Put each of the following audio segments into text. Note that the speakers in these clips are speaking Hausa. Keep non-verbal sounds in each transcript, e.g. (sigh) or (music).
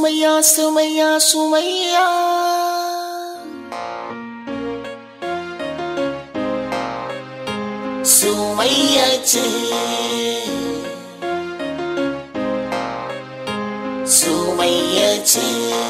sumayya sumayya sumayya sumayya ce sumayya ce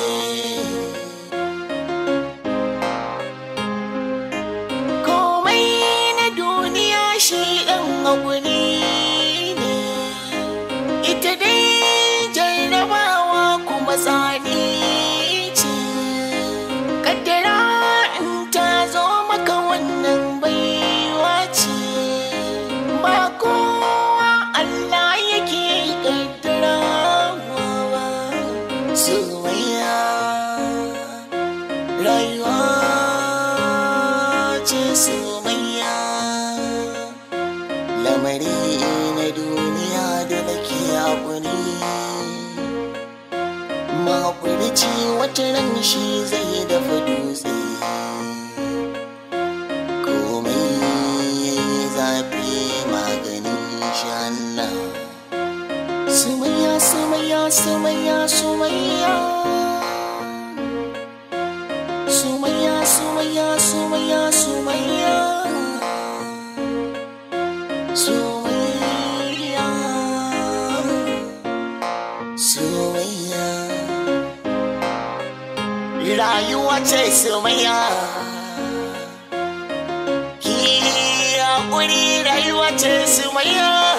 haƙuri rayuwa ce su maiya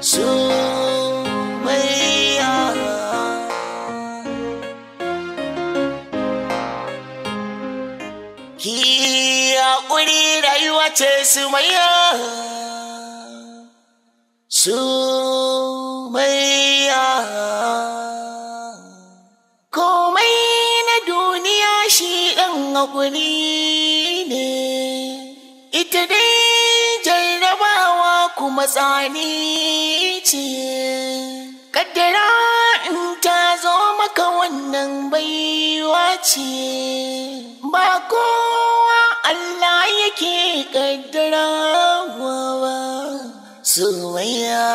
su maiya ki haƙuri rayuwa ce su maiya su maiya komai na duniya shi ɗan haƙuri matsani ce kaddara in ta zo maka wannan baiwa ce ba kowa Allah yake kaddarawa ba soyayya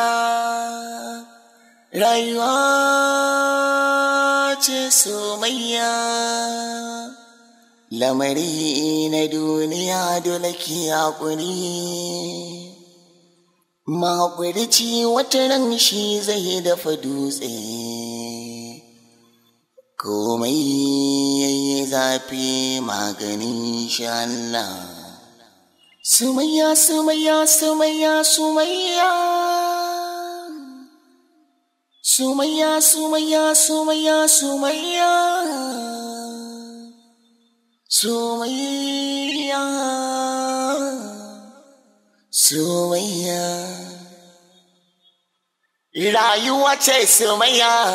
rayuwa ce soyayya lamari na duniya dole ki haƙuri Mahaƙurici wata ran shi zai dafa dutse, komai yayi zafi maganin shi Allah. Sumayya, sumayya, sumayya, sumayya. Sumayya, sumayya, sumayya, sumayya. Sumayya. Sumaya Rayuwa ce Sumaya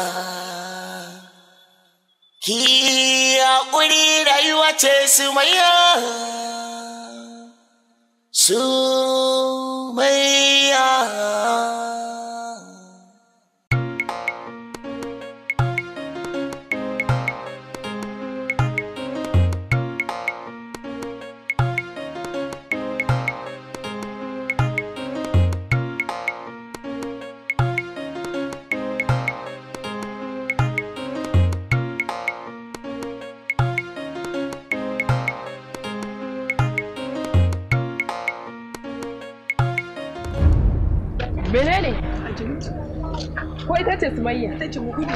Ki haƙuri rayuwa ce Sumaya Sumaya ce Sumayya. Ita ce mu gudu.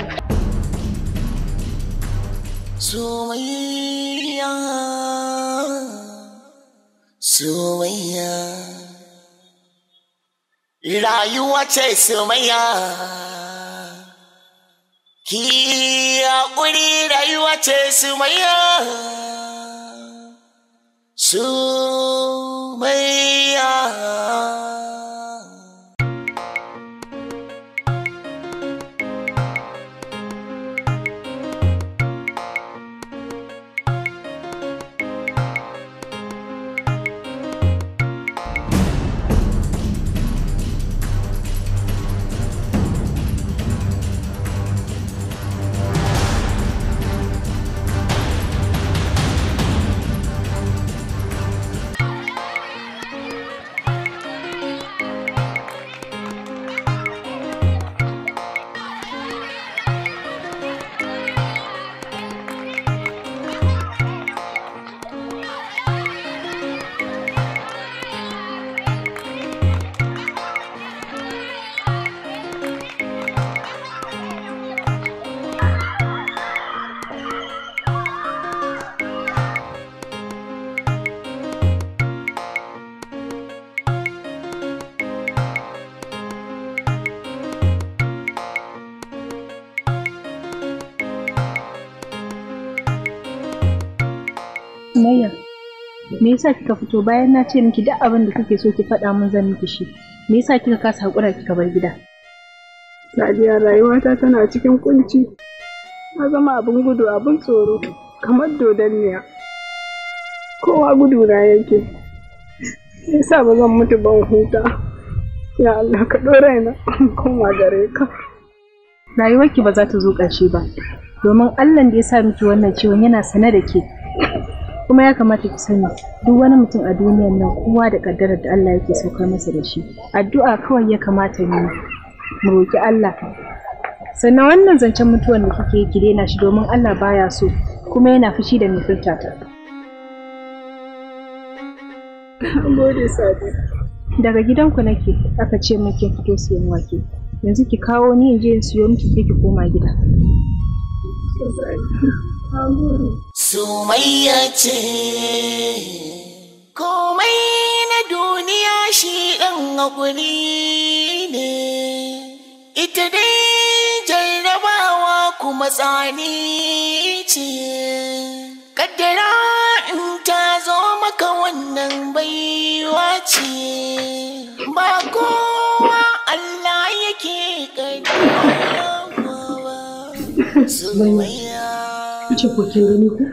Sumayya. Sumayya. Rayuwa ce Sumayya. Ki haƙuri rayuwa ce Sumayya. Sumayya. me yasa kika fito bayan na ce miki duk abin da kike so ki faɗa min zan miki shi me yasa kika kasa hakura kika bar gida Sadiya rayuwata tana cikin kunci na zama abin gudu abin tsoro kamar miya kowa gudu na yake yasa ba zan mutu ban huta ya Allah ka ɗora ina koma gare ka rayuwarki ba za ta zo ƙarshe ba domin Allah da ya sa miki wannan ciwon yana sane da ke kuma ya kamata ki sani duk wani mutum a duniyar nan kowa da kaddarar da Allah yake saukar masa da shi addu'a kawai ya kamata ne mu roki Allah sannan wannan zancen mutuwar da kike yi ki daina shi domin Allah baya so kuma yana fushi da mutunta ta gode daga gidanku nake aka ce min ke fito siyan wake yanzu ki kawo ni in je in siyo miki ki koma gida Sumayya ce komai na duniya shi ɗan haƙuri ne, ita dai jarrabawa kuma tsani ce. ƙaddara in ta zo maka wannan baiwa ce, ba kowa Allah yake ƙaddara ba. (laughs) Sumayya. ce ko kin gani ko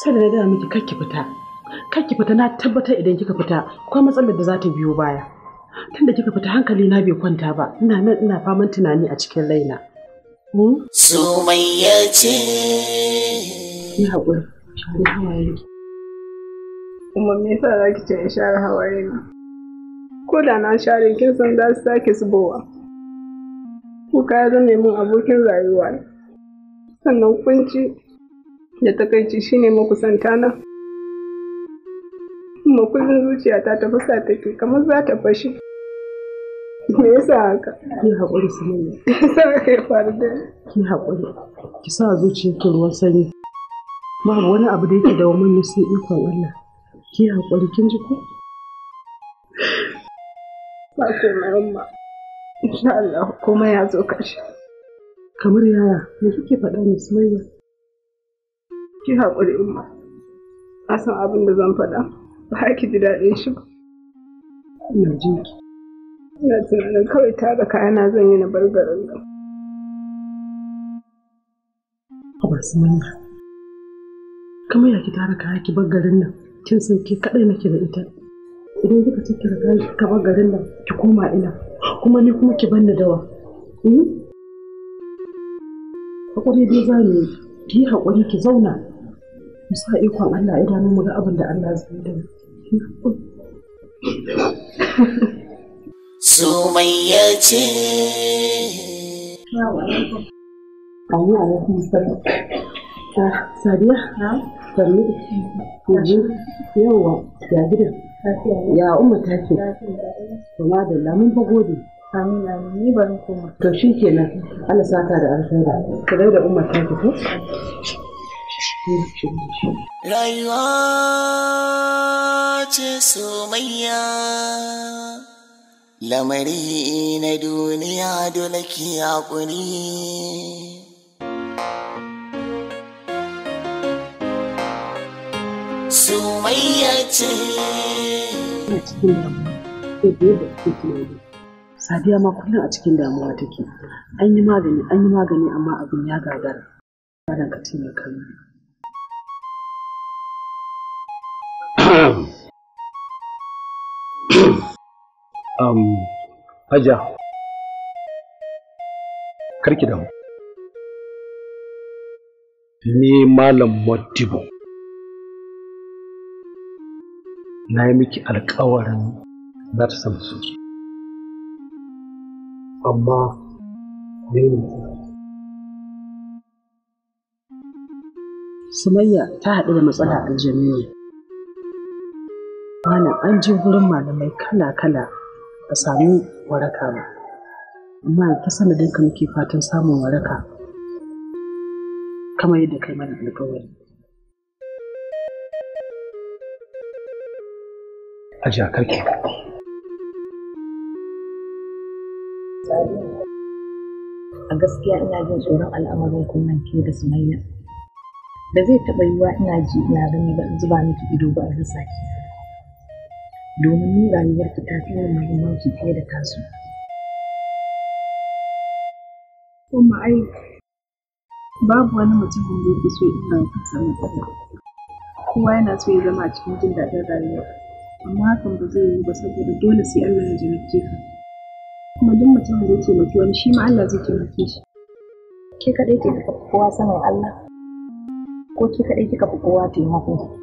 sai da na miki karki fita kar fita na tabbatar idan kika fita ko matsalar da za ta biyo baya tunda kika fita hankali na bai kwanta ba ina nan ina faman tunani a cikin raina Sumayya hmm? ce ni haƙuri share hawaye ki kuma me yasa za ki ce in share hawaye na ko da na share kin san za su sake zubowa kuka ya zama mun abokin rayuwa sannan kunci da takaici ne makusanta na makullin kullum zuciyata ta fasa take kamar za ta fashe me yasa haka ki haƙuri su ne sai kai faru da ki haƙuri ki sa zuciyarki ruwan sanyi babu wani abu da yake da wani sai ikon Allah ki haƙuri kin ji ko ba sai mai umma insha Allah komai ya zo kashi kamar yaya me kike faɗa ne sumayya ki haƙuri umma na san abin da zan faɗa ba ki ji daɗin shi ba ina jin ki ina tunanin kawai da kayana zan yi na bar garin nan ba su manya kamar ya ki tara kaya ki bar garin nan kin san ke kaɗai nake da ita idan kika ce kaya ki ka bar garin nan ki koma ina kuma ni kuma ki banna dawa hmm? hakuri dai za ki yi hakuri, ki zauna mu sa ikon Allah idan mu ga abin da Allah zai da Sumayya ce. Ayi a yakin ya gidan. Ya umma ta ce. da lamun fa gode. ni koma. To shi kenan. da Ka da umma ta ce ko? Rayuwa ce somayya, lamari na duniya dole ki haƙuri. Sumayya ce. Ina cikin damuwa, ko da kuke kake tunani. Sadiya ma kullum a cikin damuwa take. An yi magani, an yi magani amma abin ya gagara. Ranar ka taimaka mini. um, hajiya karki damu ni malam modibo na yi miki alkawarin za ta samu amma Sumayya ta haɗu da matsala a jami'a. Malam an ji wurin malamai kala-kala ka samu waraka ba amma ta sanadin ka muke fatan samun waraka kamar yadda kai mana alkawari a jakar a gaskiya ina jin tsoron al'amarin kunnan ke da sumayya da zai taɓa yiwa ina ji ina gani ba zuba miki ido ba a rasa domin ni rayuwar ta fi yin muhimmanci fiye da tasu. Kuma ai babu wani mutumin da yake so ina kasa matsala. Kowa yana so ya zama a cikin jin daɗin rayuwa, amma hakan ba zai yi ba saboda dole sai Allah ya jinake ka. Kuma duk mutumin da ya taimaki wani shi ma Allah zai taimake shi. Ke kaɗai ke kafa kowa sanin Allah, ko ke kaɗai kika fi kowa taimako.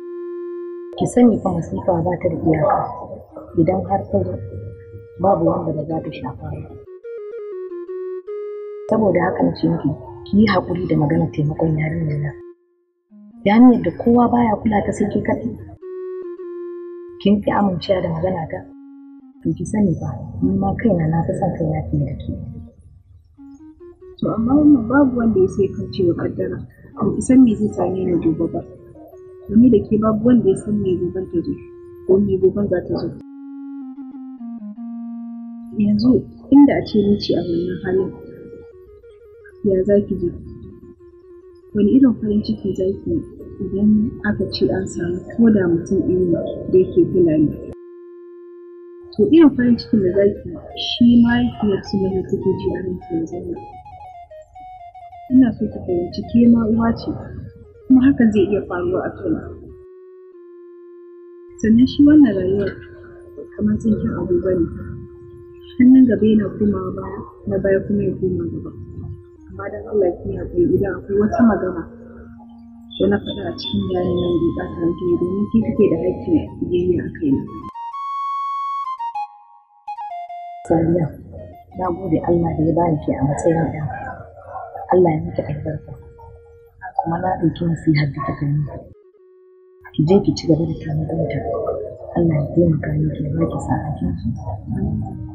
ki sani fa masifa ba ta da iyaka idan har ta babu wanda ba za ta shafa ba saboda haka na ce ki yi haƙuri da magana taimakon yarinyar nan da ne da kowa baya kula ta sai ki kaɗai kin ki amincewa da magana ta to ki sani ba ni ma kaina na fi son kaina fiye da ke to amma wannan babu wanda ya sai kauce wa kaddara to ki san me zai same ni gobe ba da da ke babu wanda ya san me goben ta zo ko me goben za ta zo yanzu inda a ce ni ce a wannan halin ya za ki je wani irin farin ciki za ki yi idan aka ce an samu ko da mutum ɗaya da yake fulani to irin farin cikin da za ki shi ma ya su mai take ji a ranki yanzu ina so ki fahimci ke ma uwa ce kuma hakan zai iya faruwa a kai. sannan shi wannan rayuwar kamar tsinkin abu ba ne hannun gaba yana komawa baya na baya kuma ya koma gaba amma don Allah ya kuma kai idan akwai wata magana da na faɗa a cikin yanayin nan bai ɓata ya domin ke kake da haƙƙin yayi a na. Saniya, na gode Allah da ya bani ke a matsayin ɗan. Allah ya miki albarka. kuma na ɗauki nasihar da ta gani ki je ki ci gaba da tanadanta Allah ya taimaka miki ya baki sa'a kinki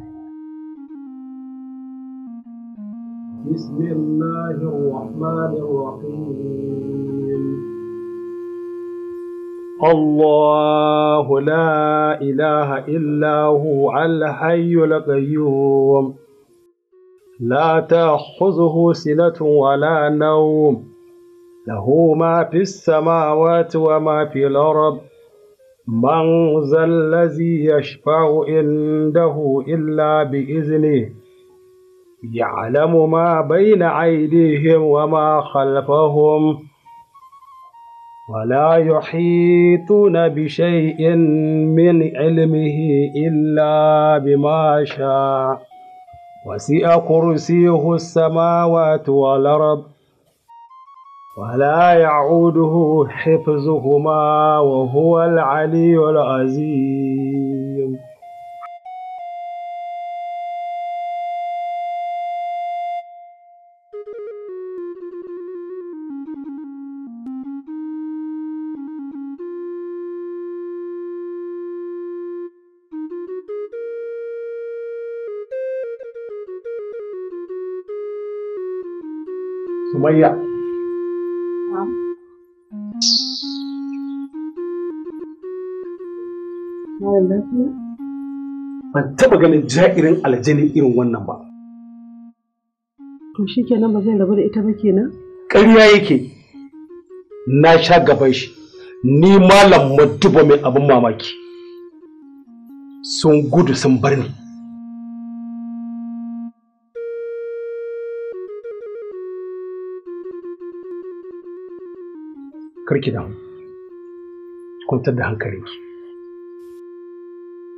بسم الله الرحمن الرحيم الله لا إله إلا هو الحي القيوم لا تأخذه سنة ولا نوم له ما في السماوات وما في الأرض من ذا الذي يشفع عنده إلا بإذنه يعلم ما بين أيديهم وما خلفهم ولا يحيطون بشيء من علمه إلا بما شاء وسع كرسيه السماوات والأرض ولا يعوده حفظهما وهو العلي العظيم سميه Ban taɓa ganin ja'irin aljani irin wannan ba. To shi kenan ba zai rabu da ita ba kenan? Ƙarya yake, na sha gaban shi, ni malam maduba mai abin mamaki. Sun gudu sun bar ni. karki damu kwantar da hankalinki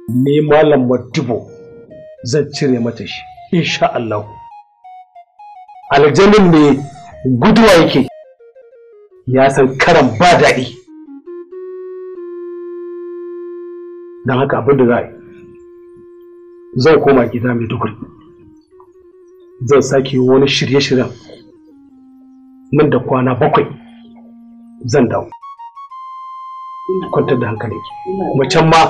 Ni malam madibo zan cire mata shi insha Allah aljanin ne guduwa yake ya san karan ba daɗi don haka abin da za a yi zan koma gida mai dukuri zan sake wani shirye-shiryen nan da kwana bakwai zan dawo kwantar da hankali. kuma can ma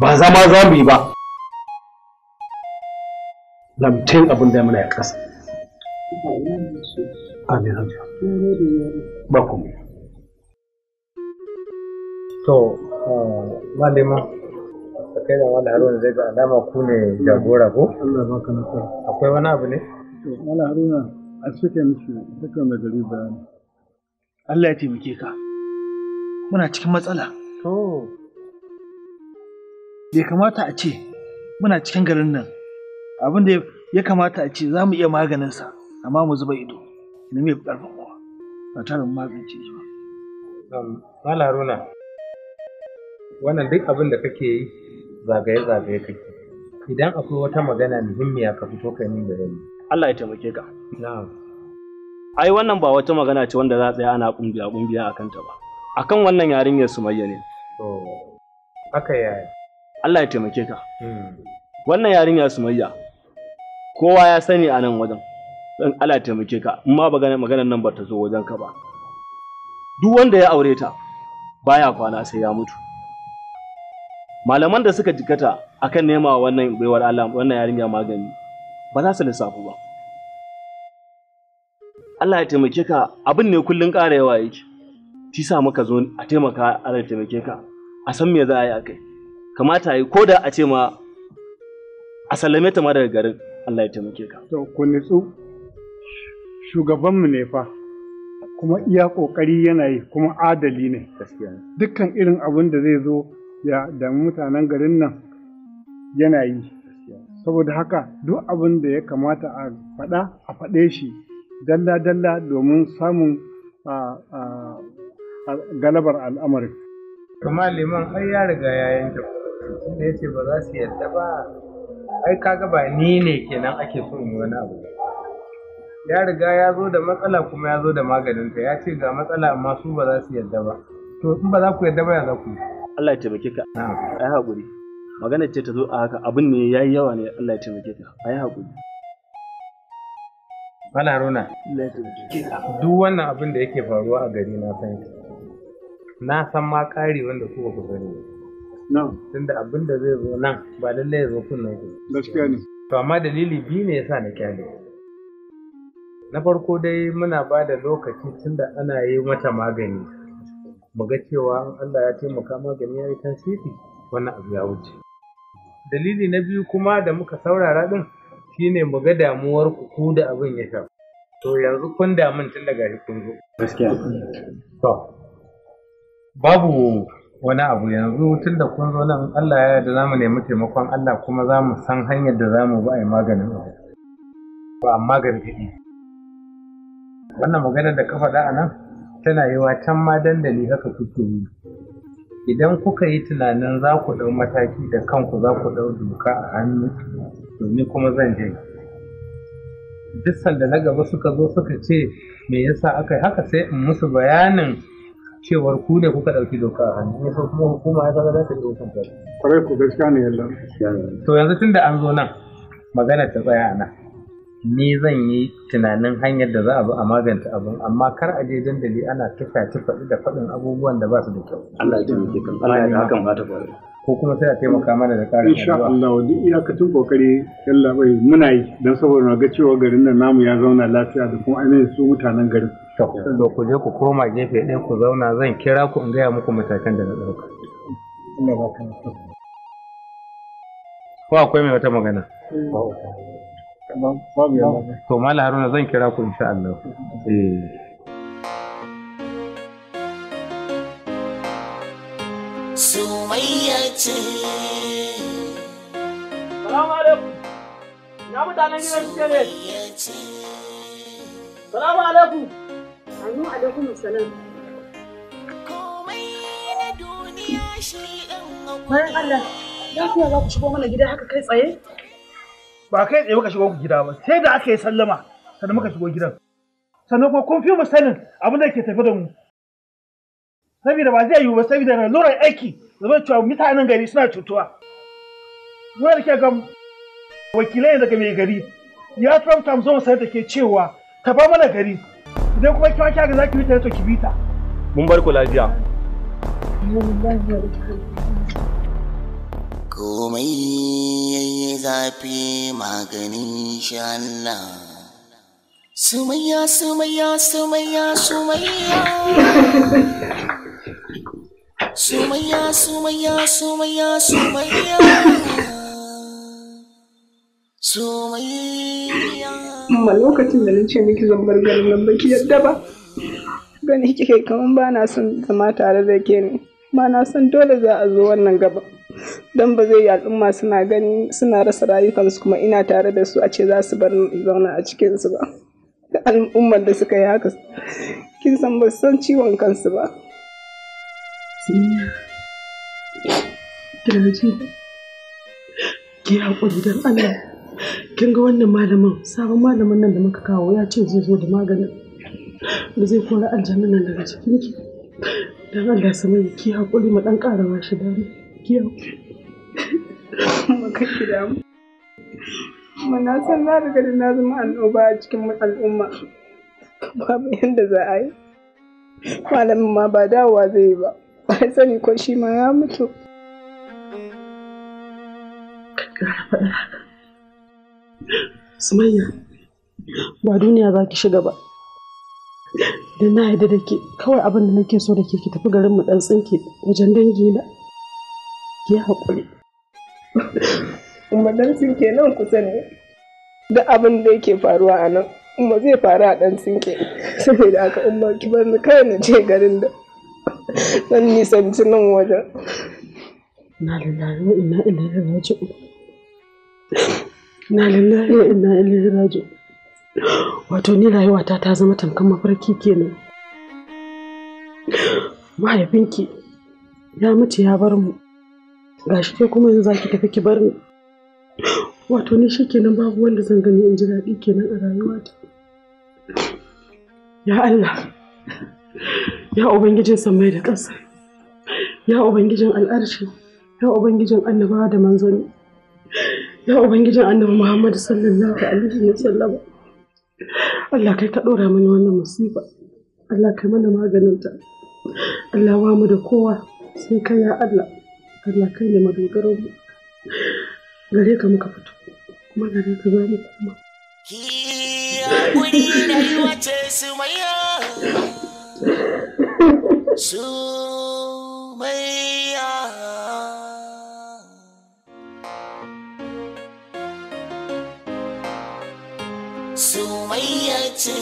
ba zama za mu yi ba lamtin abin da muna ya ƙasa amin ba kuma to eh, malima da kai da wani haruna zai ga alama ku ne jagora ko? Akwai wani abu ne? Wani haruna a suke mishi duka mai gari bayani. Allah ya taimake ka muna cikin matsala to Ya kamata a ce muna cikin garin nan abin da ya kamata a ce za mu iya maganinsa amma mu zuba ido ina mai karfin kowa ba tare mu magance shi ba um, mala runa wannan duk abin da kake yi zagaye zagaye kake idan akwai wata magana muhimmiya ka fito ka yi min bayani Allah ya taimake ka na'am ai wannan ba wata magana ce wanda za a tsaya ana kungiya kungiya a kanta ba akan wannan yarinyar sumayya ne haka yaya Allah ya taimake ka hmm. wannan yarinya sumayya kowa ya sani a nan wajen dan Allah ya taimake ka in ma maganar nan ba ta zo wajen ka ba duk wanda ya aure ta baya kwana sai ya mutu malaman da suka jikata akan nema wannan baiwar Allah wannan yarinya magani ba za su lissafu ba Allah ya taimake ka abin ne kullun ƙara yawa yake shi sa muka zo a taimaka Allah ya taimake ka a san me za a yi a kai kamata yi ko da a ce ma a sallame ta ma daga garin Allah ya taimake ka to ku nitsu shugabanmu ne fa kuma iya kokari yana yi kuma adali ne dukkan irin abin da zai zo ya da mutanen garin nan yana yi saboda haka duk abin da ya kamata a faɗa a faɗe shi dalla-dalla domin samun galabar al'amarin. Kuma liman ai ya riga ya yanke tunda ya ce ba za su yadda ba ai kaga ba ni ne kenan ake so in wani abu ya riga ya zo da matsala kuma ya zo da maganinta ya ce ga matsala amma su ba za su yadda ba to in ba za ku yadda ba ya za ku Allah ya taimake ka ai haƙuri magana ce ta zo a haka abin ne yayi yawa ne Allah ya taimake ka ai haƙuri Mala Haruna, duk wannan abin da yake faruwa a gari na san shi. Na san ma ƙari wanda kuka ku sani. Tunda abin da zai zo nan ba lallai ya zo kunnen ku. Gaskiya ne. To amma dalili biyu ne yasa na kyale. Na farko dai muna ba da lokaci tunda ana yi mata magani. Mu ga cewa Allah ya taimaka magani ya yi tasiri wannan abu ya wuce. Dalili na biyu kuma da muka saurara din shine mu ga damuwar ku ko da abin ya sha? to yanzu kun damun tun daga shi kun zo gaskiya to babu wani abu yanzu tun da kun zo nan Allah ya yarda zamu nemi taimakon Allah kuma za san hanyar da zamu mu bi a maganin abu Ba amma gargaɗi wannan maganar da ka faɗa a nan tana yiwa can ma dandali haka kuke yi idan kuka yi tunanin za ku ɗau mataki da kanku za ku ɗau doka a hannu domin kuma zan je duk sanda na gaba suka zo suka ce me yasa aka yi haka sai in musu bayanin cewar ku ne kuka ɗauki doka a hannu ne kuma hukuma ya zama za ta ɗauka kwarai ku gaskiya ne yalla to yanzu tun da an zo nan magana ta tsaya a nan ni zan yi tunanin hanyar da za a bi a maganta abin amma kar a je dandali ana tufa faɗi da faɗin abubuwan da ba su da kyau Allah ya taimake kan Allah ya hakan ba ta faru ko kuma sai a taimaka mana da ƙarin insha Allah wa duk iyakacin kokari Allah bai muna yi dan saboda na ga cewa garin nan namu ya zauna lafiya da kuma ainihin su mutanen garin to ku je ku koma gefe ɗaya ku zauna zan kira ku in gaya muku matakan da na ɗauka ko akwai mai wata magana to mala haruna zan kira ku insha Allah eh. Sumayya ce Salamu alaikum mutanen gidan Salamu alaikum alaikum salam Bayan Allah, za ku shigo mana gida haka kai tsaye? ba kai tsaye muka shigo gida ba sai da aka yi sallama sannan muka shigo gidan sannan kuma kun fi mu sanin abin da ke tafi da mu saboda ba zai yiwu ba saboda na lura aiki zama cewa mutanen gari suna cutuwa zuwa da ke ga wakilai daga mai gari ya tramta mu zo mu da ke cewa ta ba mana gari idan kuma kiwa kiya ga za ki bi ta to ki bi ta mun bar ku lafiya komai yayi zafi maganin shi Allah sumayya sumayya sumayya sumayya sumayya sumayya sumayya sumayya sumayya amma lokacin da nace miki zan bar garin nan baki yadda ba gani kike kaman ba na son zama tare da ke ne ba na son dole za a zo wannan gaba don ba zai yi al'umma suna gani suna rasa rayukansu kuma ina tare da su a ce za su bar zauna a cikinsu ba da al'ummar da suka yi haka kin san ba san ciwon kansu ba ki haƙuri don Allah. Kin ga wannan malamin, sabon malamin nan da muka kawo ya ce zai zo da maganin da zai kora aljanna nan daga cikinki. Don Allah samu ki haƙuri mu ɗan ƙarawa shi dami. kyau maka gida mu amma na san na da na zama annoba a cikin al'umma babu yadda za a yi malamin ma ba dawowa zai yi ba ba sani ko shi ma ya mutu Sumayya, ba duniya za ki shiga ba. Da na yarda da ke, kawai abin da nake so da ke ki tafi garin mu dan tsinke wajen dangi na. ki haƙuri umarnin ke nan kusa ne da abin da yake faruwa a nan umma zai faru a ɗan sinke saboda aka umar ki bar ni kai na ce garin da zan nisanci nan wajen na lullari wa ina ilahi raji na lullari wa ina ilahi wato ni rayuwata ta zama tamkar mafarki kenan mahaifinki ya mutu ya bar mu gashi ke kuma yanzu zaki tafi ki bar ni wato ni shikenan babu wanda zan gani in ji daɗi kenan a rayuwata ya Allah ya ubangijin sammai da ƙasa ya ubangijin al'arshi ya ubangijin annaba da manzoni ya ubangijin annabi Muhammadu sallallahu alaihi wa sallam. Allah kai ka ɗora mana wannan musiba Allah kai mana maganinta Allah ba mu da kowa sai kai ya Allah Allah kai ne madogaro mu gare ka muka fito kuma gare ka za mu koma Kuri rayuwa ce su maya su maya su mai maya ce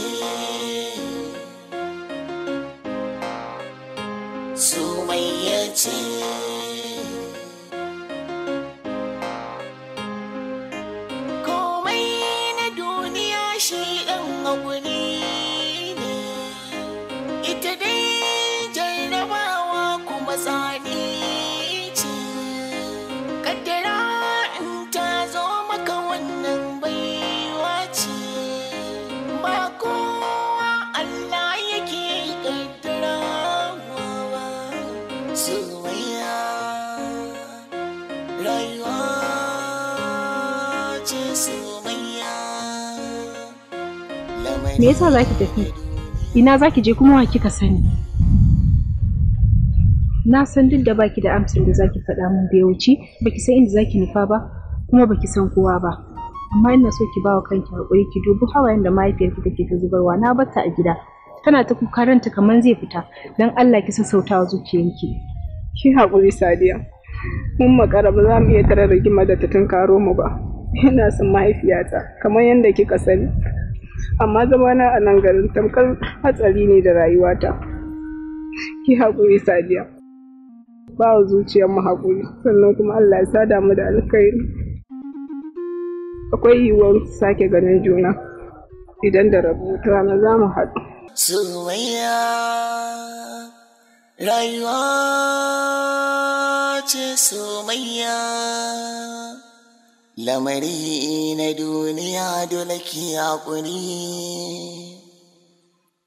yasa za tafi ina za ki je kuma wa kika sani na san duk da baki da amsar da zaki ki faɗa min bai wuce baki san inda zaki nufa ba kuma baki san kowa ba amma ina so ki bawa kanki haƙuri ki dubi hawayen da mahaifiyarki take ta zubarwa na batta a gida tana ta kukaranta kamar zai fita don Allah ki sassauta wa zuciyanki ki haƙuri sadiya mun makara ba za mu iya tare rigima da ta tunkaro mu ba ina son mahaifiyata kamar yadda kika sani amma zamana a nan garin tamkar hatsari ne da rayuwata ki haƙuri sadiya ba wa zuciyar mu haƙuri sannan kuma allah ya sada mu da alkhairi akwai yiwuwar sake ganin juna idan da rabu rana za mu haɗu soyayya rayuwa ce soyayya lamari na duniya dole ki haƙuri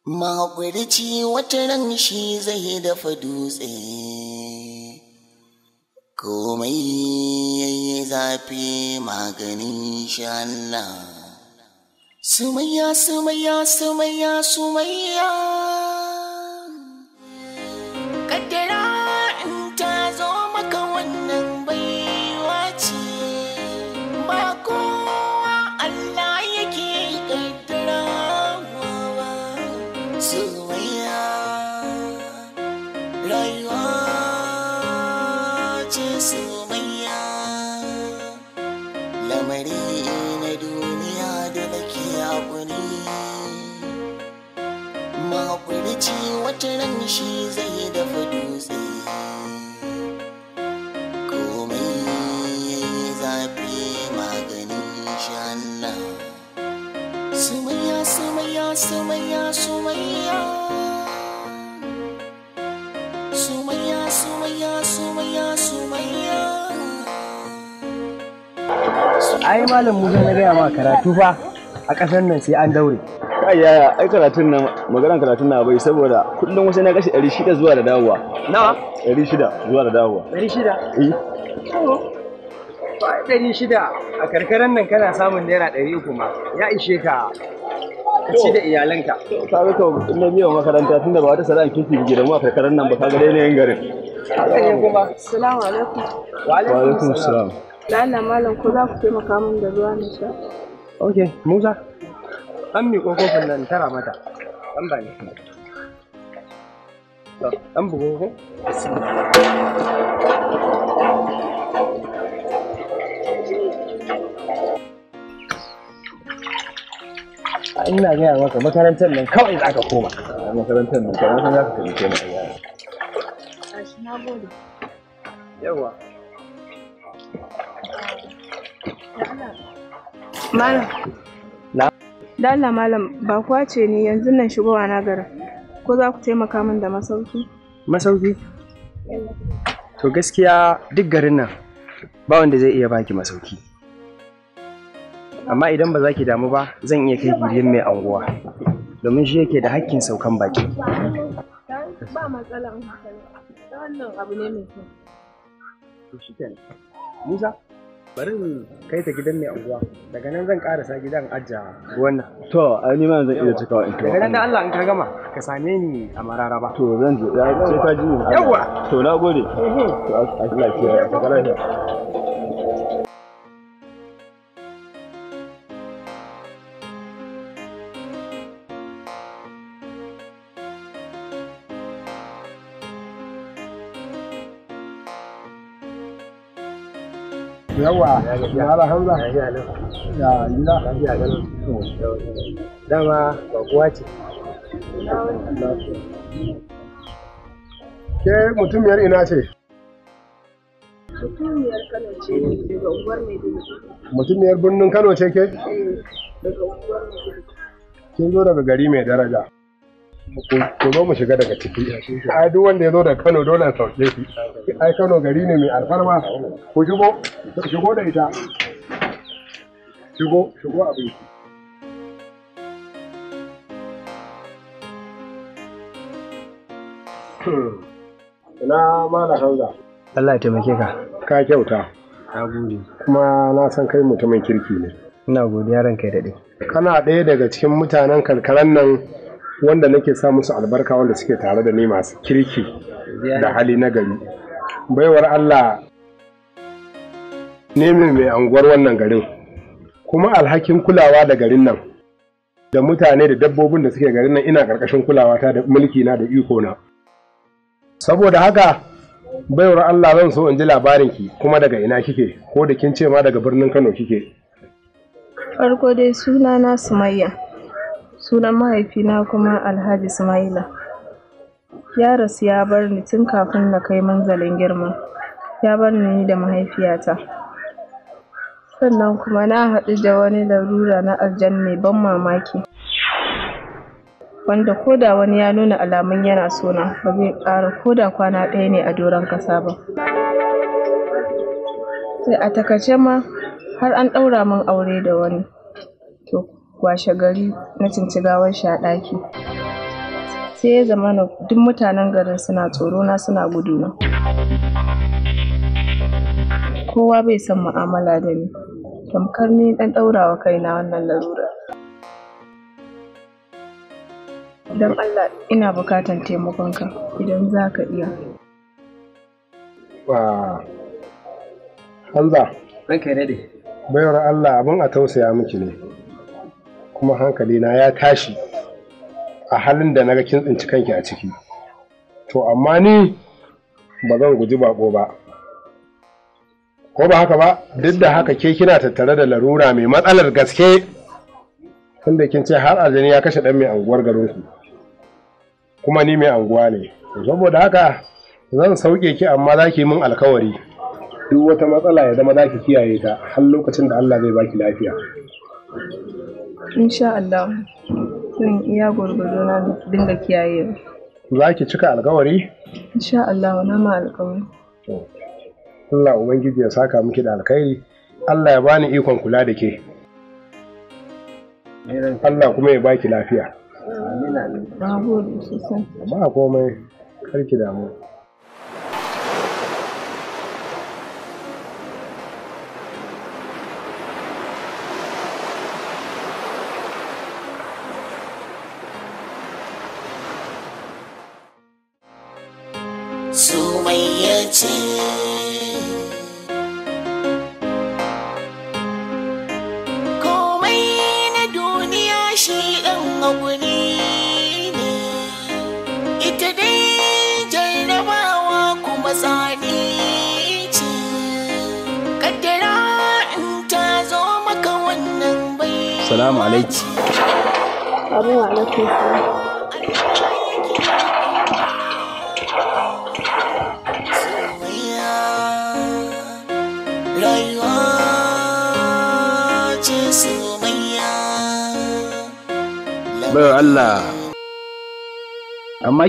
maƙurici wata ran shi zai dafa dutse komai yayi zafi maganin shi Allah sumayya sumayya sumayya sumayya komai zafi maganin sha Allah sumayya sumayya sumayya sumayya sumayya sumayya sumayya sumayya ai malam mu na gaya ma karatu fa a ƙasar nan sai an daure yi yaya ai karatun nan magana karatun na bai saboda kullum wasu na kashi 600 zuwa da dawowa nawa 600 zuwa da dawowa 600 eh ɗari shida a karkarar nan kana samun naira ɗari kuma ya ishe ka ka ci da iyalanka ka ga na biyan makaranta tun da ba wata sana'a kifi gidan mu a karkarar nan ba ka ga yanayin garin haka ne kuma alaikum wa alaikum salam lalla malam ko za ku taimaka min da ruwa sha ok musa ɗan miƙo kofin nan tara mata ɗan ba ne ɗan bugun ko ina gaya maka makarantar nan kawai za ka koma makarantar nan kawai za ka taimake mu yawa Malam. Dalla malam ba kuwa ce ne yanzu nan shigo a nagarin, ko za ku taimaka min da masauki masauki to gaskiya duk garin nan ba wanda zai iya baki masauki amma idan ba za ki damu ba zan iya kai gidan mai anguwa domin shi yake da hakkin saukan baki ba matsala wannan abu ne mai kyau to shi kenan musa bari in kai ta gidan mai anguwa daga nan zan karasa gidan ajiya wannan to a ni ma zan iya cika wa in daga nan da Allah in ka gama ka same ni a mararaba to zan je sai ka ji yawa to na gode to Allah ya kiyaye ka lafiya yawa ya alhamza ya gida dama ba kuwa ce ke mutumiyar ina ce mutumiyar kano ce daga uwar mai mutumiyar birnin kano ce ke eh, kin zo daga gari mai daraja ku mu shiga daga ciki ai duk wanda ya zo da Kano dole sauke shi ai Kano gari ne mai alfarma ku shigo shigo da ita shigo shigo abin Ina mala Hamza. Allah ya taimake ka. Ka kyauta. Na gode. Kuma na san kai mutumin kirki ne. Ina godiya ranka da daɗe. Kana ɗaya daga cikin mutanen karkaran nan wanda nake sa musu albarka wanda suke tare da ni masu kirki da hali na gari baiwar Allah ne mai anguwar wannan garin kuma alhakin kulawa da garin nan da mutane da dabbobin da suke garin nan ina karkashin kulawa ta da mulki na da iko na saboda haka baiwar Allah zan so in ji labarin ki kuma daga ina kike ko da kin ce ma daga birnin Kano kike farko dai suna na Sumayya Sunan mahaifina kuma Alhaji Sumaila. Ya rasu ya bar ni tun kafin na kai manzalin girma. Ya bar ni da mahaifiyata. Sannan kuma na haɗu da wani larura na aljan mai ban mamaki. Wanda koda wani ya nuna alamun yana sona ba zai ƙara koda kwana ɗaya ne a doron kasa ba. Sai a takaice ma har an ɗaura min aure da wani. washe gari na cincigawar shi a ɗaki sai ya zama duk mutanen garin suna tsoro na suna guduna kowa bai san mu'amala da ni tamkar ni ɗan ɗaurawa kaina wannan larura don allah ina bukatan taimakonka idan za ka iya Hamza. Ranka ne dai. Bayar Allah abin a tausaya miki ne. kuma hankali na ya tashi a halin da naga ga kin tsinci kanki a ciki to amma ni ba zan guji bako ba ko ba haka ba duk da haka ke kina tattare da larura mai matsalar gaske tunda kin ce har aljani ya kashe dan mai anguwar garinku kuma ni mai anguwa ne saboda haka zan sauke ki amma za ki min alkawari duk wata matsala ya zama za ki kiyaye ta har lokacin da Allah zai baki lafiya insha Allah zan iya gwargwado na dinga kiyaye za ki cika alkawari insha Allah na ma alkawari Allah ubangiji ya saka miki da alkhairi Allah ya bani ikon kula da ke Allah kuma ya baki lafiya. Na Ba komai, karki damu.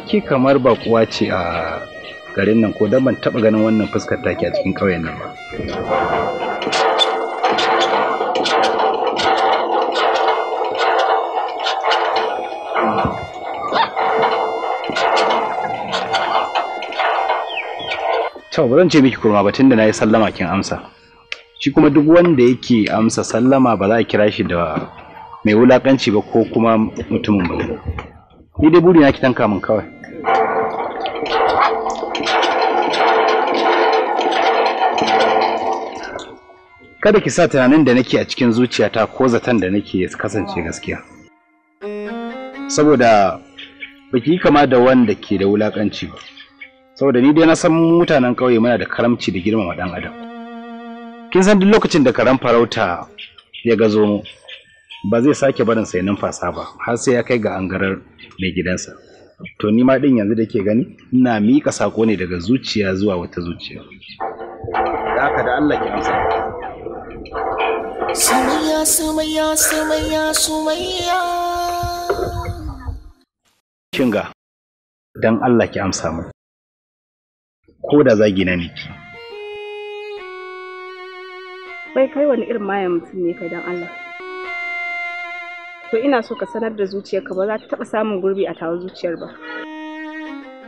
take kamar bakuwa ce a garin nan ko dan ban taba ganin wannan fuskar take a cikin ƙauyen nan ba to zan ce miki kurma da na yi sallama kin amsa shi kuma duk wanda yake amsa sallama ba za a kira shi da mai wulakanci ba ko kuma mutumin ba ni dai buri na ki tanka min kawai kada ki sa tunanin da nake a cikin zuciyata ko zaton da nake kasance gaskiya saboda baki kama da wanda ke da wulakanci ba saboda ni dai na san mutanen ƙauye muna da karamci da girmama ɗan adam kin san duk lokacin da karan farauta ya gazo mu ba zai sake barin sai numfasa ba har sai ya kai ga angarar mai gidansa to ni ma din yanzu da ke gani ina miƙa sako ne daga zuciya zuwa wata zuciya da haka da Allah ki amsa Sumayya, Sumayya, Sumayya, Sumayya. Kinga, don Allah ki amsa mu. Ko da zagi na niki. Bai kai wani irin mayan mutum ne kai don Allah. To ina so ka sanar da zuciyarka ba za ta taɓa samun gurbi a tawa zuciyar ba.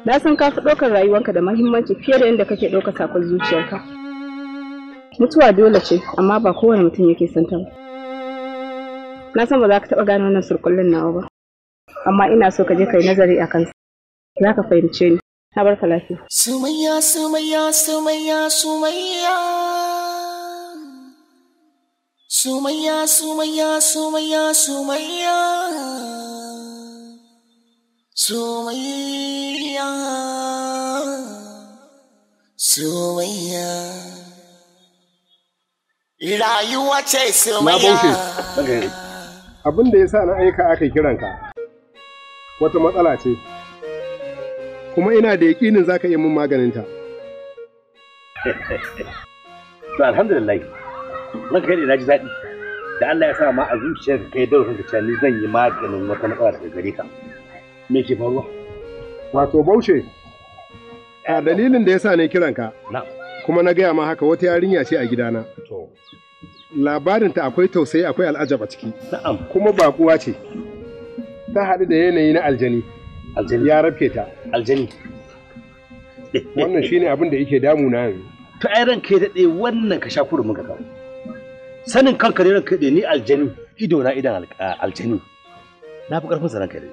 Na san ka fi ɗaukar rayuwanka da mahimmanci fiye da yadda kake ɗaukar sakon zuciyarka. mutuwa dole ce amma ba kowane mutum yake son ta ba na san ba za ka taɓa gano wannan surkullin nawa ba amma ina so ka je kai nazari a kansa za ka fahimce ni na barka lafiya sumayya sumayya sumayya sumayya sumayya sumayya sumayya sumayya sumayya sumayya Rayuwa ce su Na bauke, abin da ya sa na aika aka kiranka wata matsala ce, kuma ina da yaƙinin za ka iya min maganinta. (laughs) alhamdulillah, ranka kai na ji daɗi, da Allah ya sa ma a zuciyarka kai da ranka cewa ni zan yi maganin wata matsala daga gare ka. Me ke faruwa? Wato Bauchi, a dalilin da ya sa ne kiranka. Na'am. kuma na gaya ma haka wata yarinya ce a gidana labarinta akwai tausayi akwai al'ajab a ciki kuma baƙuwa ce ta haɗu da yanayi na aljani ya rafe ta aljani wannan shine abin da yake damu na yanzu to ai ran kai daɗe wannan ka sha kuru muka kawo sanin kanka ne ranka ni aljani ido na idan aljani na fi karfin sa ranka ne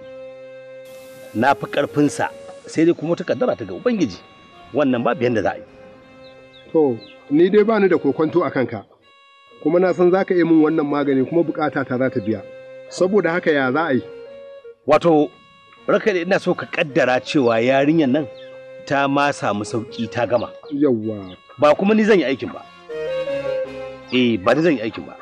na fi karfin sa sai dai kuma ta kaddara ta ga ubangiji wannan ba biyan da za a yi To, ni dai ba ni da kokonto a kanka, kuma na san za ka yi min wannan magani kuma bukata ta za ta biya. Saboda haka ya za a yi. Wato, raka da ina so ka kaddara cewa yarinyar nan ta ma samu sauƙi ta gama. Yawwa. Ba kuma ni zan yi aikin ba. Eh, ba ni zan yi aikin ba.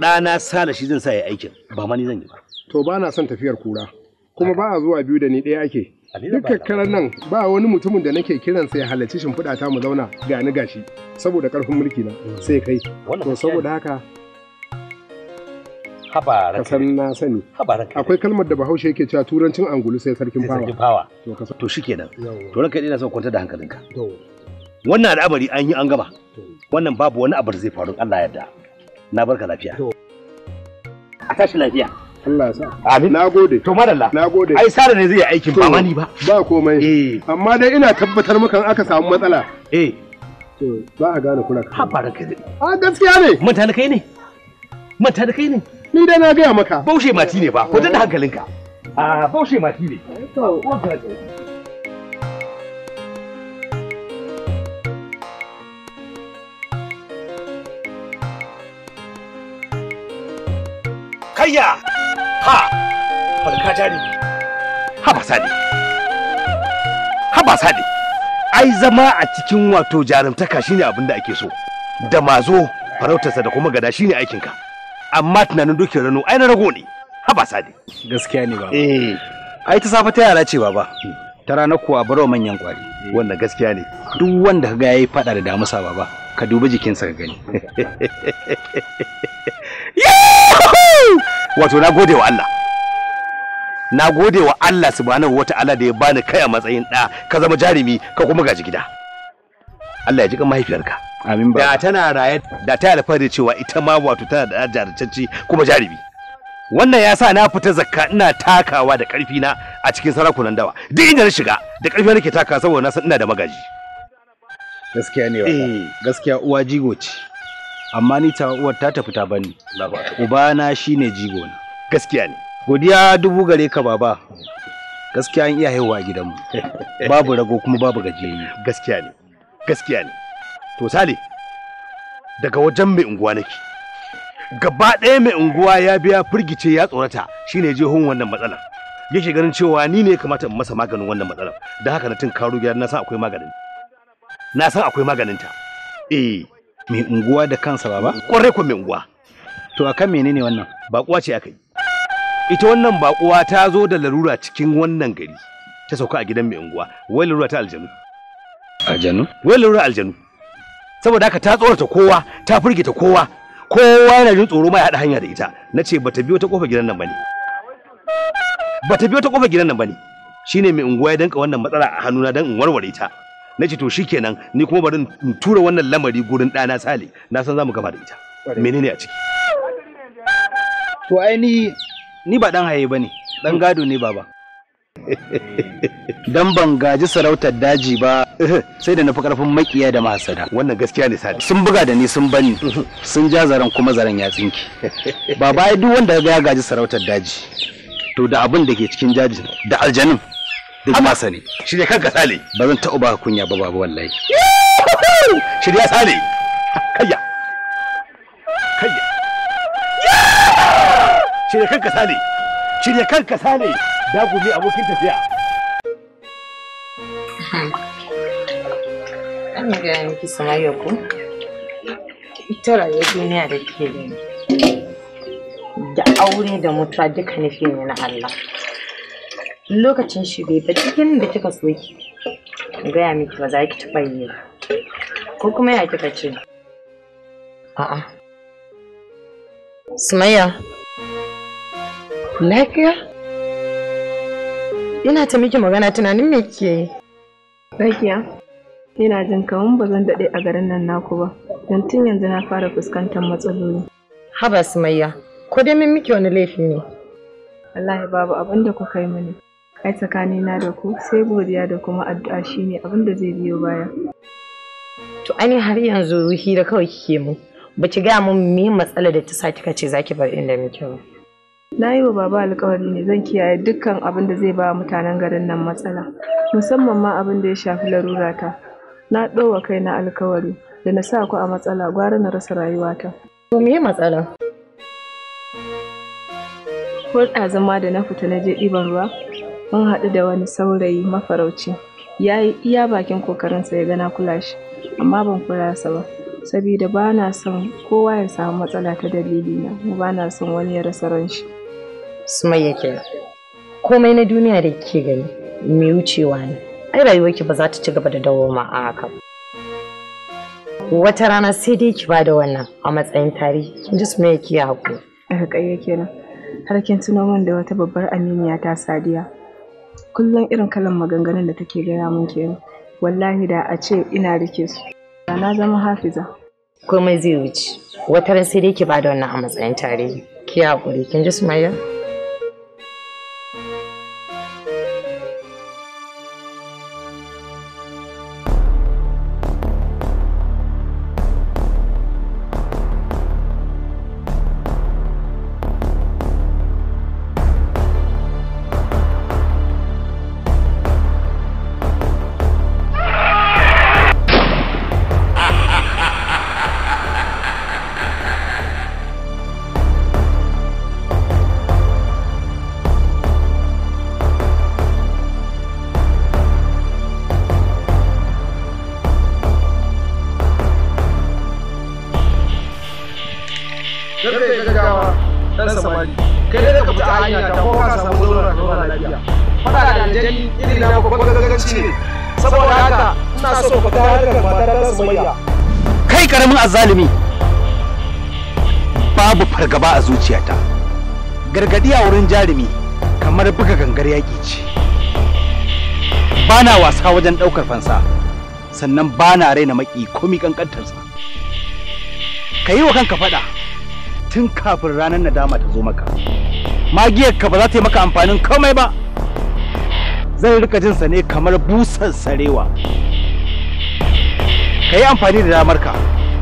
Ɗana sala shi zan sa ya aikin, ba ma ni zan yi ba. To ba na son tafiyar kura, kuma ba a zuwa biyu da ni ɗaya ake. Duk kakkarar nan ba wani mutumin da nake kiran sai halarci shimfiɗa ta mu zauna ga ni gashi saboda ƙarfin mulki na mm. sai kai. To saboda haka Habaran kasan na sani. Akwai kalmar da Bahaushe yake cewa turancin angulu sai sarkin fawa. To shi kenan. To ranka ina son kwanta da hankalinka. Wannan al'amari an yi an gama. Wannan babu wani abu da zai faru Allah yarda. Na barka lafiya. A tashi lafiya. Allah sa. Amin. Na gode. To madalla. Na gode. Ai sare ne zai yi aikin ba mani ba. Ba komai. Eh. Amma dai ina tabbatar maka aka samu matsala. Eh. To za a gane kura. Ha fara kai. A gaskiya ne. Manta da kai ne. Manta da kai ne. Ni dai na gaya maka. Baushe mati ne ba. Ku da hankalinka. A baushe mati ne. To wanda Kayya! ha farka ta ne ha ba sadi ha ba sadi ai zama a cikin wato jarumtaka shine abin da ake so da mazo farautarsa da kuma gada shine aikinka amma tunanin dokin rano ai na rago ne ha ba sadi gaskiya ne baba eh ai ta safa ta yara ce baba ta rana kuwa baro manyan kwari eh. wannan gaskiya ne duk wanda kaga yayi fada da damusa baba ka dubi jikinsa ka gani (laughs) (laughs) yeah! wato na gode wa Allah na gode wa Allah subhanahu ta'ala da ya bani kai a matsayin ɗa ka zama jarumi ka kuma gaji gida Allah ya ji kan mahaifiyarka amin ba da tana raye da ta alfahari cewa ita ma wato tana da jarumci kuma jarumi wannan ya sa na fita zakka ina takawa da ƙarfi na a cikin sarakunan dawa duk inda na shiga da ƙarfi nake takawa saboda na san ina da magaji gaskiya ne eh. gaskiya uwa jigo ce amma ni ta uwar ta tafi ta bani ubana shine jigo na gaskiya ne godiya dubu gare ka baba gaskiya an iya haihuwa a gidanmu (laughs) babu rago kuma babu gajiyayye gaskiya ne gaskiya ne to sale daga wajen mai unguwa nake gaba ɗaya mai unguwa ya biya firgice ya tsorata shine je hun wannan matsalar yake ganin cewa ni ne kamata in masa maganin wannan matsalar da haka na tun karo gidan na san akwai maganin na san akwai maganin ta eh mai unguwa da kansa baba kwarai ko mai unguwa to kan menene wannan bakuwa ce aka yi ita wannan bakuwa ta zo da larura cikin wannan gari ta sauka a gidan mai unguwa wai larura ta aljanu aljanu wai larura aljanu saboda haka ta tsorata kowa ta firgita kowa kowa yana jin tsoro ma ya haɗa hanya da ita na ce bata biyo ta kofa gidan nan bane bata biyo ta kofa gidan nan bane shine mai unguwa ya danka wannan matsala a hannuna dan in warware ta na ce to shikenan ni kuma bari in tura wannan lamari gurin ɗana sale na san za mu gama da ita menene a ciki to ai ni ni ba dan haye bane dan gado ne baba (laughs) dan ban gaji sarautar daji ba (laughs) sai da fi karfin makiya da masada wannan gaskiya ne sai sun buga da ni sun bani (laughs) sun ja zaren kuma zaren ya tsinki baba ai duk wanda ya gaji sarautar daji to da abin da ke cikin jaji da aljanin duk na sani shirya kanka sale ba zan taɓa ba kunya ba babu wallahi shirya sale kayya kayya shirya kanka sale shirya kanka sale dagumi abokin tafiya an ga miki samayya ko ita rayuwar duniya da ke da aure da mutuwa duka nufi ne na Allah lokacin shi bai ba cikin da kika so ki gaya miki ba za ki taɓa yi ba ko kuma ya kika ce a'a sumayya lafiya ina ta miki magana tunanin me kike yi lafiya ina jin kamar ba zan daɗe a garin nan naku ba don tun yanzu na fara fuskantar matsaloli haba sumayya ko dai min miki wani laifi ne ya babu abin da ku kai mini Ai tsakanina da ku sai godiya da kuma addu'a shine abin da zai biyo baya. To ani har yanzu hira kawai kike mu. Ba ki gaya mun me matsala da ta sa kika ce zaki bar inda muke ba. Na yi wa baba alkawari ne zan kiyaye dukkan abin da zai ba mutanen garin nan matsala. Musamman ma abin da ya shafi larura ta. Na ɗowa na alkawari da na sa ku a matsala gwara na rasa rayuwata. To me matsala? Ko zama da na fita na je ɗiban ruwa mun haɗu da wani saurayi mafarauci ya yi iya bakin kokarinsa ya gana kula shi amma ban kula sa ba saboda ba na son kowa ya samu matsala ta dalili na ba na son wani ya rasa ran shi sumayya ke komai na duniya da ke gani mai wucewa ne ai ki ba za ta ci gaba da dawoma a haka wata rana sai dai ki ba da wannan a matsayin tarihi kin ji sumayya ki ya haƙuri haka yake nan har kin tuno min da wata babbar aminiya ta sadiya kullum irin kalan maganganun da take gaya mun kenan wallahi da a ce ina rike su na zama hafiza komai zai wuce wata ran sai dai ki bada wannan a matsayin tarihi ki hakuri kin ji sumayya azzalimi babu fargaba a zuciyata gargadi a wurin jarumi kamar buga gangar yaki ce bana wasa wajen ɗaukar fansa sannan bana raina maki komi ƙanƙantarsa ka yi wa kanka faɗa tun kafin ranar nadama ta zo maka magiyarka ba za ta yi maka amfanin komai ba zan rika jinsa ne kamar busar sarewa ka yi amfani da damar ka.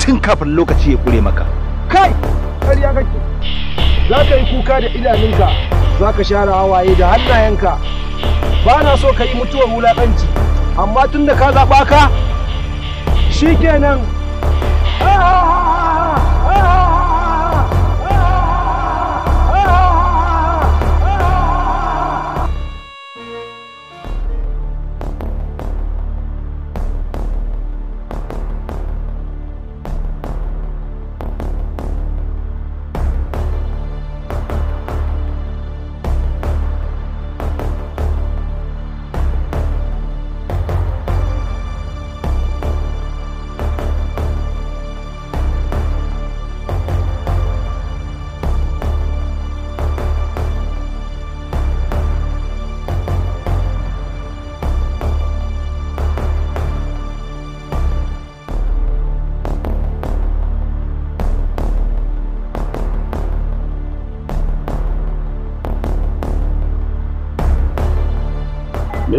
tun kafin lokaci ya kure maka kai ƙarya kake za ka yi kuka da idanunka za ka share hawaye da hannayenka ba na so ka yi mutuwar wulaƙanci amma tun da ka zaɓa ka shikenan ah! ah, ah.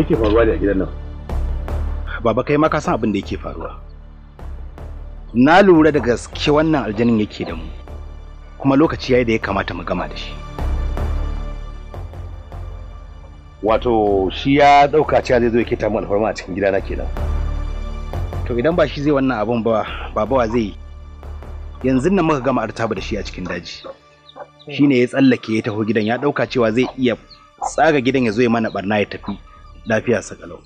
yake faruwa ne a gidan nan baba kai ma ka san abin da yake faruwa na lura da gaske wannan aljanin yake da mu kuma lokaci yayi da ya kamata mu gama da shi wato shi ya dauka cewa zai zo ya keta mu alfarma a cikin gidana kenan to idan ba shi zai wannan abun ba baba wa zai yanzu nan muka gama artaba da shi a cikin daji shine ya tsallake ya taho gidan ya dauka cewa zai iya tsaga gidan ya zo ya mana barna ya tafi lafiya sakalau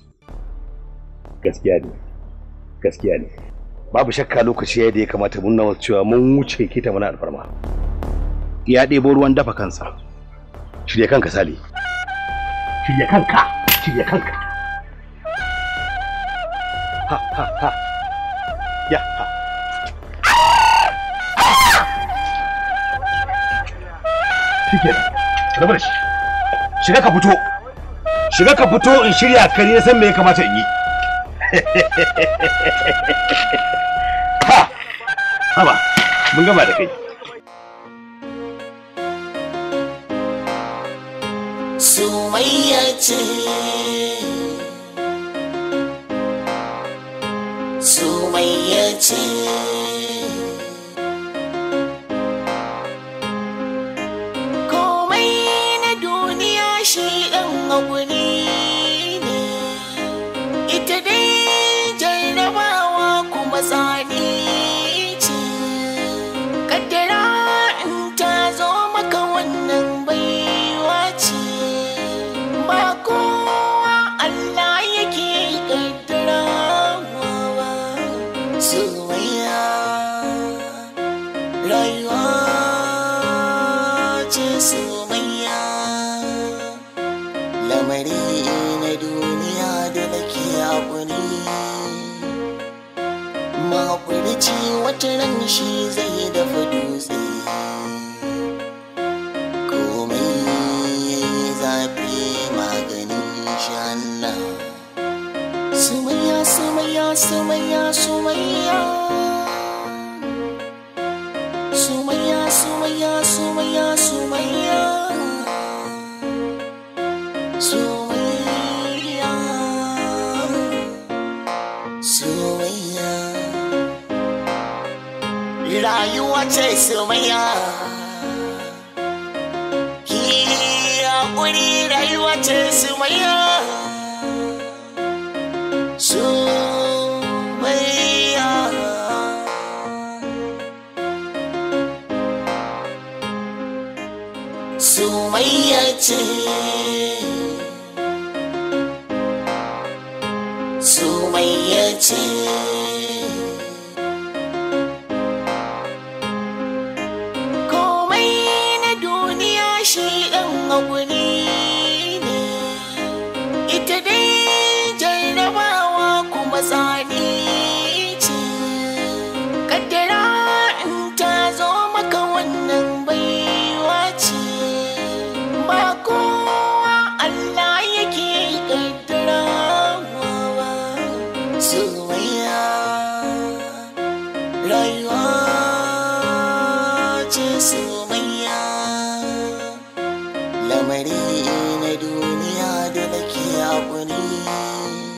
gaskiya ne gaskiya ne babu shakka lokaci yadda ya kamata mun nawa cewa mun wuce kita mana alfarma ya ɗebo ruwan dafa kansa shirya kanka sali shirya kanka shirya kanka ha ha ha ya ha shi ke da shi shiga ka fito shiga ka fito in shirya ka ne san me ya kamata in yi (laughs) ha haba mun gama da kai Sumayya ce Allah sumaya, sumaya, sumaya Sumaya, sumaya, sumaya, sumaya Sumaya, Sumayya Sumayya Rayuwa ce Sumayya Ki haƙuri rayuwa ce sumaya. say